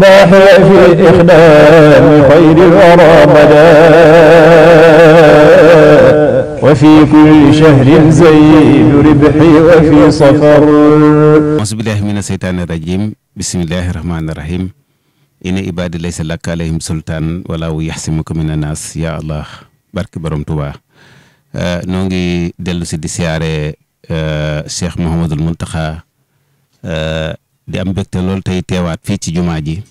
الصباح في إخدام خير الورى بدا وفي كل شهر زيد ربحي وفي صفر أعوذ بالله من الشيطان الرجيم بسم الله الرحمن الرحيم إن عبادي ليس لك عليهم سلطان ولا يحسمك من الناس يا الله بارك بروم توبا noo ngi dellu si di siyaare Cheikh Mouhamadul Mountakha di am mbégte lool tey teewaat fi ci jumaa ji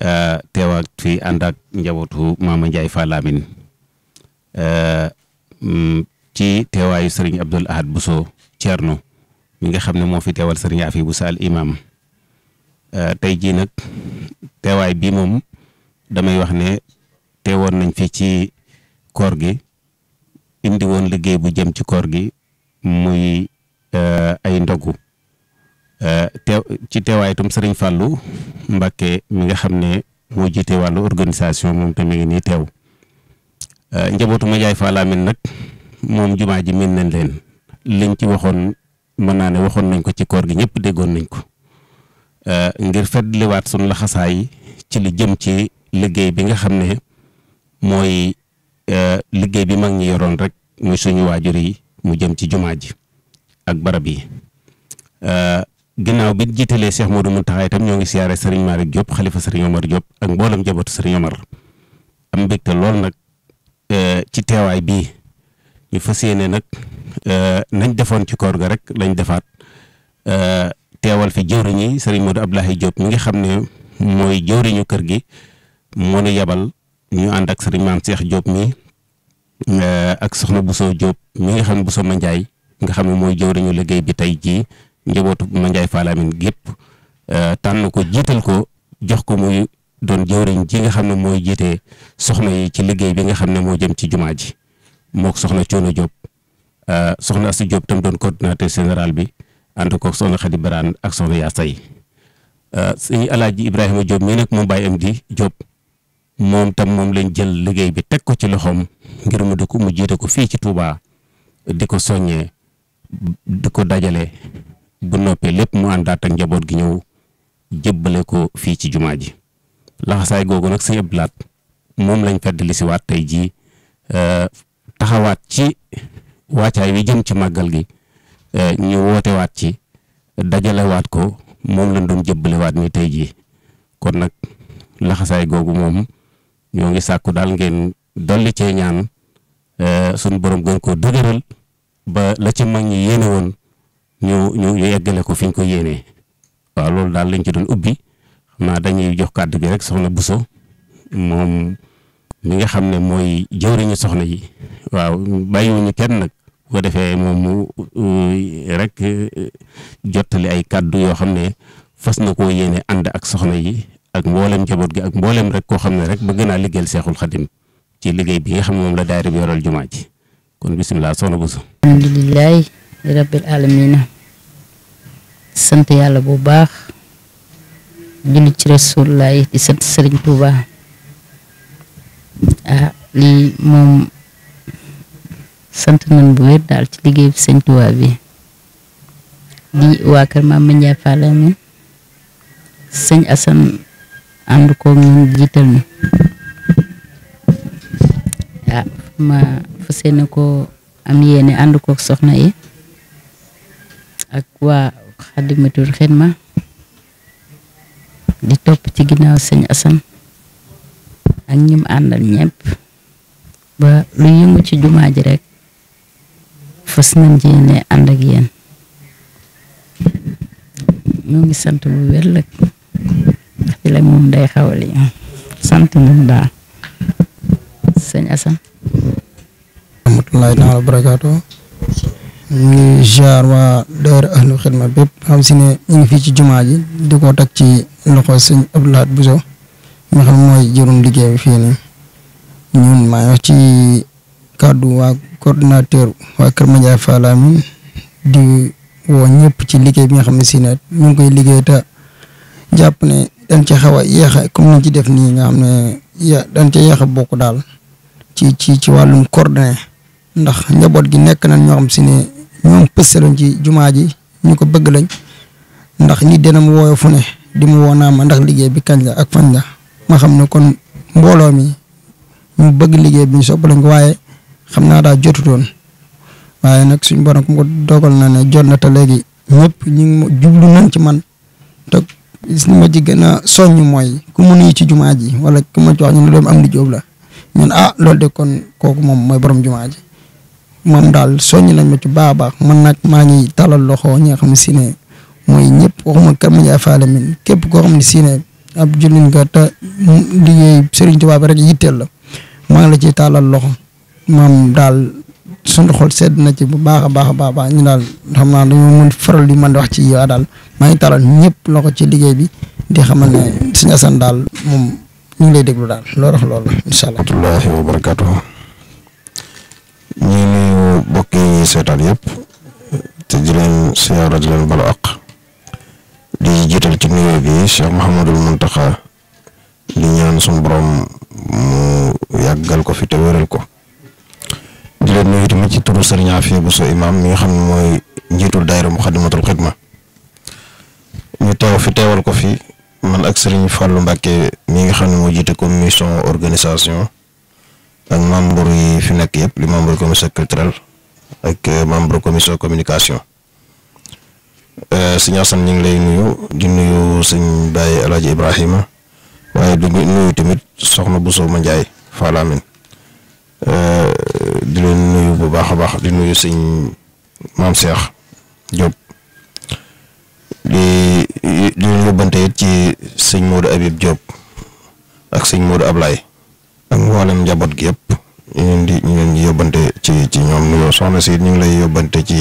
euh, teewaat fii ànd ak njabootu Maama Ndiaye Fall Lamine euh, mm, ci teewaayu sëriñ Abdul Ahad Bousso Thierno mi nga xam ne moo fi teewal sëriñ Afi Bousso al imam euh, tey jii nag teewaay bi moom damay wax ne teewoon nañ fi ci koor gi indi woon liggéey bu jëm ci koor gi muy ay ndogu Euh, teew ci teewaay itam sëriñ mbakke mi nga xam ne moo jiite wàllu organisation moom itam mi ni nii teew euh, njabootu Madiaye Fall Amine nag moom jumaa ji miin nañ leen liñ ci waxoon mën naa ne waxoon nañ ko ci koor gi ñëpp déggoon nañ ko euh, ngir fàttaliwaat sunu laxasaay ci li jëm ci liggéey bi nga xam ne mooy liggéey bi mag ñi yoroon rek muy suñu waajur yi mu jëm ci jumaa ji ak barab yi ginnaaw bi jiitalee Cheikh Modou Mountakha tam ñoo ngi siyaare Serigne Malick Diop xalifa Serigne Omar Diop ak mboolem njabootu Serigne Omar am mbégte lool nag e, ci teewaay bii ñu fas yéene nag e, nañ defoon ci koor ga rek lañ defaat e, teewal fi jëwriñi Serigne Modou Abdoulaye Diop mi nga xam ne mooy jëwriñu kër gi moo nu yebal ñu ànd ak Serigne Mame Cheikh Diop mi ak soxna Bousso Diop mi nga xam ne Bousso Mandiaye nga xam mooy jëwriñu liggéey bi tey jii. njabootu Mandiaye Fall Amine gépp euh, tànn ko jiital ko jox ko muy doon jëwriñ ji nga xam ne mooy jiite soxna yi ci liggéey bi nga xam ne moo jëm ci jumaa ji mook soxna Coono Diop euh, soxna Asi Diop tam doon coordinateur général bi ànd ko soxna Xadi Baraan ak soxna Yaasa yi euh, sëñ Alaaji Ibrahima Diop mii nag moom Baye Amdi Diop moom tam moom lañ jël liggéey bi teg ko ci loxoom ngir mu di ko mu jiite ko fii ci Touba di ko soññee di ko dajale bu noppee lépp mu àndaat ak njaboot gi ñëw jébbale ko fii ci jumaa ji laxasaay googu nag sëñ Abdou Lahad moom lañ feddali si waat tey jii euh, taxawaat ci wàccaay wi jëm ci màggal gi euh, ñu woote waat ci dajalewaat ko moom lañ doon jébbalewaat ni tey jii kon nag laxasaay googu moom ñoo ngi sàkku daal ngeen dolli cee ñaan euh, suñu borom gën koo dëgëral ba la ci mag ñi yéene woon ñu ñoo ñu eggale ko fi ñu ko yéenee waaw loolu daal lañ ci doon ubbi xam dañuy jox kàddu gi rek soxna buso moom mi nga xam ne mooy jëwriñu soxna yi waaw bàyyiwuñu kenn nag bu ko defee moom mu rek e, jottali ay kàddu yoo xam ne fas na koo yéene ànd ak soxna yi ak mboolem njaboot gi ak mboolem rek koo xam ne rek bëgg naa liggéeyal seexul xadim ci liggéey bi nga xam ne moom la daayira bi yoral jumaa ji kon bisimilah soxna Bousso. li rabbil alamina sant yàlla bu baax julli ci rasulullah di sant sëriñ Tuuba ah lii moom sant nañ bu daal ci liggéey bi sëñ Tuuba bi di waa kër Maam Ndiaye Fall mi sëñ Asan ànd ko ñun jiital mi ah ma fas yéene ko am yéene ànd kook soxna yi ak waa Xadimatul Xidma di topp ci ginnaaw sëñ Assane ak ñim àndal ñëpp ba lu yëngu ci jumaa ji fas nañ ci ne ànd ak yéen ngi sant bu wér nag fi la moom day xawal yi sant nañ daal sëñ Assane. rahmatullaahi taala barakaatu ñu jaar waa daara ahlu xidma bépp xam si ne ñu ngi ci jumaa ji di ko teg ci loxo sëñ Abdou Lahad Bousso xam mooy jërum liggéey bi fii ñun maa wax ci kàddu waa coordinateur waa Kër Madiaye ci liggéey bi nga xam ne si ne ñu ngi koy liggéey te jàpp ne dañ ci xaw a yéex comme ni ci def nii nga xam ne ya dañ ci yéex a bokk daal ci ci ci wàllum coordonné ndax njaboot gi nekk nañ ñoo xam si ne ñoom pëste ci jumaa ji ñu ko bëgg lañ ndax nit dina mu wooyo fu di mu woo naa ma ndax liggéey bi kañ la ak fañ la ma xam ne kon mbooloo mi ñu bëgg liggéey bi ñu sopp lañ waaye xam naa daa jotutoon waaye nag suñ borom ko dogal na ne jot na ta léegi ñëpp ñu ngi jublu nañ ci man te li ma ci gën a soññ mooy ku ci jumaa ji wala ku ma ci wax ñu ne loolu am di jóob la ñun a ah, loolu de kon kooku moom mooy borom jumaa ji man daal soññ nañ ma ci baax baax man nag maa ngi talal loxo ñi nga xam ne si ne mooy ñëpp a kam ma jaafaale képp koo xam ne si ab jullit nga te liggéey Serigne Touba bi la maa ngi la ciy talal loxo maam daal suñu xol sedd na ci bu baax a baax a baax ñu daal xam naa dañoo faral di mën di wax ci yow daal maa ngi talal ñëpp loxo ci liggéey bi di xamal ne asan daal moom ñu ngi lay déglu daal loolu wax loolu incha allah. wa rahmatullahi ñuy seetaan yëpp te di leen siyaara di leen balu di jiital ci nuyoo bi Cheikh Mouhamadul Mountakha di ñaan sunu borom mu yàggal ko fi te wéral ko di leen nuyu tamit ci turu Serigne Afia so imam mi nga xam ne mooy njiitul daayira Muxaddamatul Xidma ñu teew fi teewal ko fi man ak Serigne Fallou Mbacke mi nga xam ne mooy jiite commission organisation ak membre yi fi nekk yëpp li membre commission culturelle ak euh, membre commission communication euh, sëñ Assane ñu ngi lay nuyu di nuyu sëñ Baye El Hadj Ibrahima waaye di nuyu tamit soxna Bousso Ma Ndiaye Falamine euh, di leen nuyu bu baax a baax di nuyu sëñ maam Cheikh Diop di di leen yóbbante it ci sëñ Modou Habib Diop ak sëñ Modou Ablaye ak mboolem njaboot gi yëpp ñu leen ci ci ñoom nuyoo soxna ñu ngi lay yóbbante ci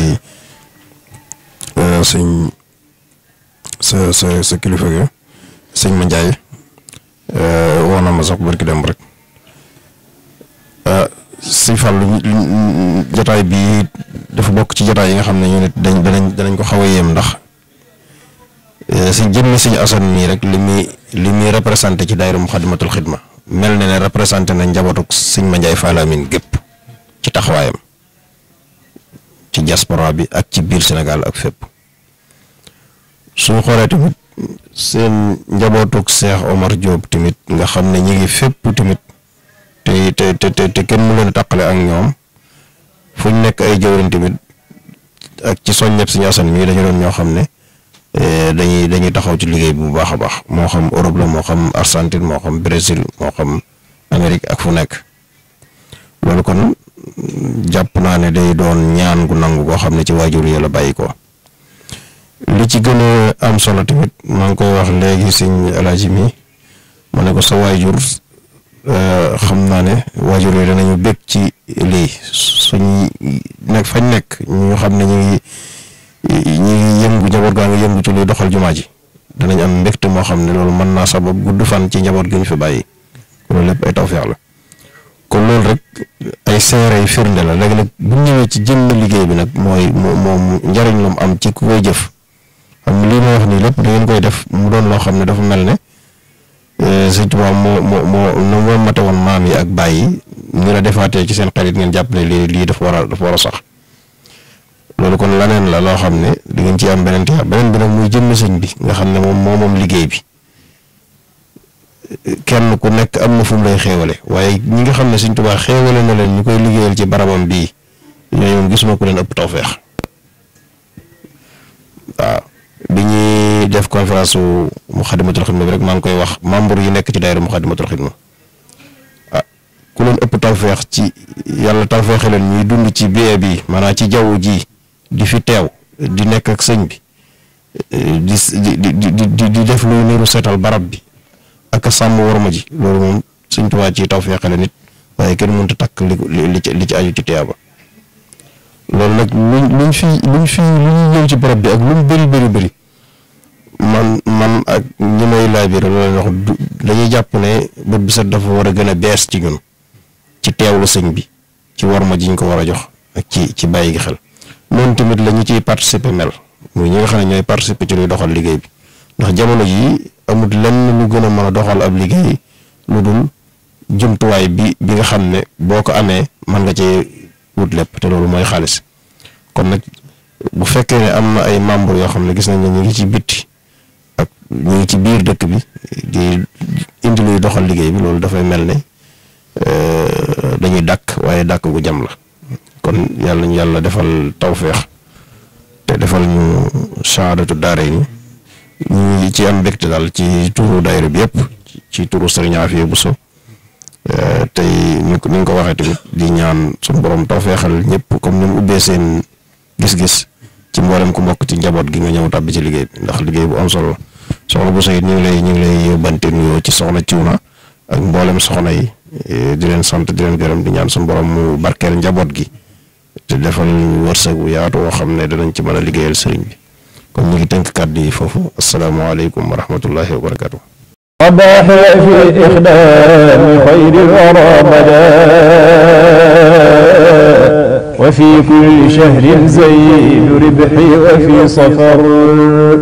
euh, sëñ sa sa sa kilifa ga sëñ ma Njaay euh, woo na ma sax barki dem rek euh, si fàllu jotaay bi dafa bokk ci jotaay yi nga xam ne ñu nit dañ danañ ko xaw a yéem ndax si jëmmi suñu asan nii rek li muy li muy représenté ci daayira Muxaddamatul Xidma mel na ne représenté na njabootu sëñ ma Njaay Faal gépp ci taxawaayam ci diaspora bi ak ci biir Sénégal ak fépp suñu xoolee tamit seen njabootug Seex Omar Diop tamit nga xam ne ñi ngi fépp tamit te te te te kenn mu leen taqale ak ñoom fu nekk ay jëwriñ tamit ak ci soññeeb si ñaasan mii dañu doon ñoo xam ne eh, dañuy dañuy taxaw ci liggéey bu baax a baax moo xam Europe moo xam Argentine moo xam Brésil moo xam Amérique ak fu nekk loolu kon. jàpp naa ne day doon ñaan gu nangu koo xam ne ci waajur yi la bàyyi ko li ci gën a am solo tamit maa ngi koy wax léegi sëñ alaaji mi ma ne ko sa waajur euh, xam naa ne waajur yi danañu bég ci lii suñ nekk fañ nekk ñu xam ne ñu ngi ñu ngi yëngu njaboot gaa ngi yëngu ci luy doxal jumaa ji danañ am mbégte moo xam ne loolu mën naa sabab gudd fan ci njaboot gi ñu fi bàyyi loolu lépp ay tawfeex la kon loolu rek ay seere yu firnde la léegi nag bu ñëwee ci jëmm liggéey bi nag mooy moom njariñ la mu am ci ku koy jëf xam li ma wax nii lépp da ngeen koy def mu doon loo xam ne dafa mel ne eh, Sëñ Tuubaa moo moo moo mate woon maam yi bàyyi ñu defaatee ci seen xarit ngeen jàppale lii lii dafa war a dafa a sax loolu kon laneen la loo xam ne da ngeen ci am beneen tiyaab beneen bi nag muy jëmm sëñ bi nga xam ne moom moo moom liggéey bi kenn ku nekk am na fu mu lay xéewale waaye ñi nga xam ne Sëñ Tuubaa xéewale na leen ñu koy liggéeyal ci barabam bii ñooñu moom gisuma ku leen ëpp tawfeex waaw bi ñuy def conférence su Muxaddamatul rek maa ngi koy wax membre yi nekk ci daayira Muxaddamatul Xidma ah ku leen ci yàlla tawfeexe leen ñuy dund ci bee bi manaa ci jaw ji di fi teew di nekk ak sëñ bi eh, di di di di di def luy niru seetal barab bi. ak a sàmm warma ji loolu moom Sëñ Tuubaa ci taw feexale nit waaye kenn mënut a takk li ci li ci aju ci tiyaaba loolu nag luñ luñ fi luñ fi luñ ci barab bi ak luñ mu bëri bëri man man ak ñi may laaj loolu wax dañuy jàpp ne bët bi sax dafa war a gën a bees ci ñun ci teew la sëñ bi ci warma ji ñu ko war a jox ak ci ci bàyyi gi xel noonu tamit la ciy participer mel muy ñi nga xam ne ñooy participer ci luy doxal liggéey bi ndax jamono jii. amut lenn lu gën a mën a doxal ab liggéey lu dul jumtuwaay bi bi nga xam ne boo ko amee man nga cee wut lépp te loolu mooy xaalis kon nag bu fekkee ne am na ay membre yoo xam ne gis nañ ne ñu ngi ci bitti ak ñu ngi ci biir dëkk bi di indi luy doxal liggéey bi loolu dafay mel ne euh, dañuy dàkk waaye dàkk gu jam la kon yàlla ñu yàlla defal tawféex te defal ñu saadatu daara yi ñu ngi ci am mbégte daal ci turu daayira bi yëpp ci turu Sëriñ Afia Bousso euh, tey ñu ni ñu ko waxee tamit di ñaan suñu borom tawfeexal ñëpp comme ni mu ubbee seen gis-gis ci mboolem ku mbokk ci njaboot gi nga ñëw tàbbi ci liggéey bi ndax liggéey bu am solo soxna bu it ñu ngi lay ñu ngi lay yóbbante nuyoo ci soxna ciw Thiuna ak mboolem soxna yi euh, di leen sant di leen gërëm di ñaan suñu borom mu barkeel njaboot gi te defal wërsëg bu yaatu woo xam ne danañ ci mën a liggéeyal sëriñ bi. kon ñu ngi tënk kàddu yi foofu asalaamaaleykum wa rahmatullahi wa barakaatu. صباح في إخدام خير الورى بدا وفي كل شهر زيد ربحي وفي صفر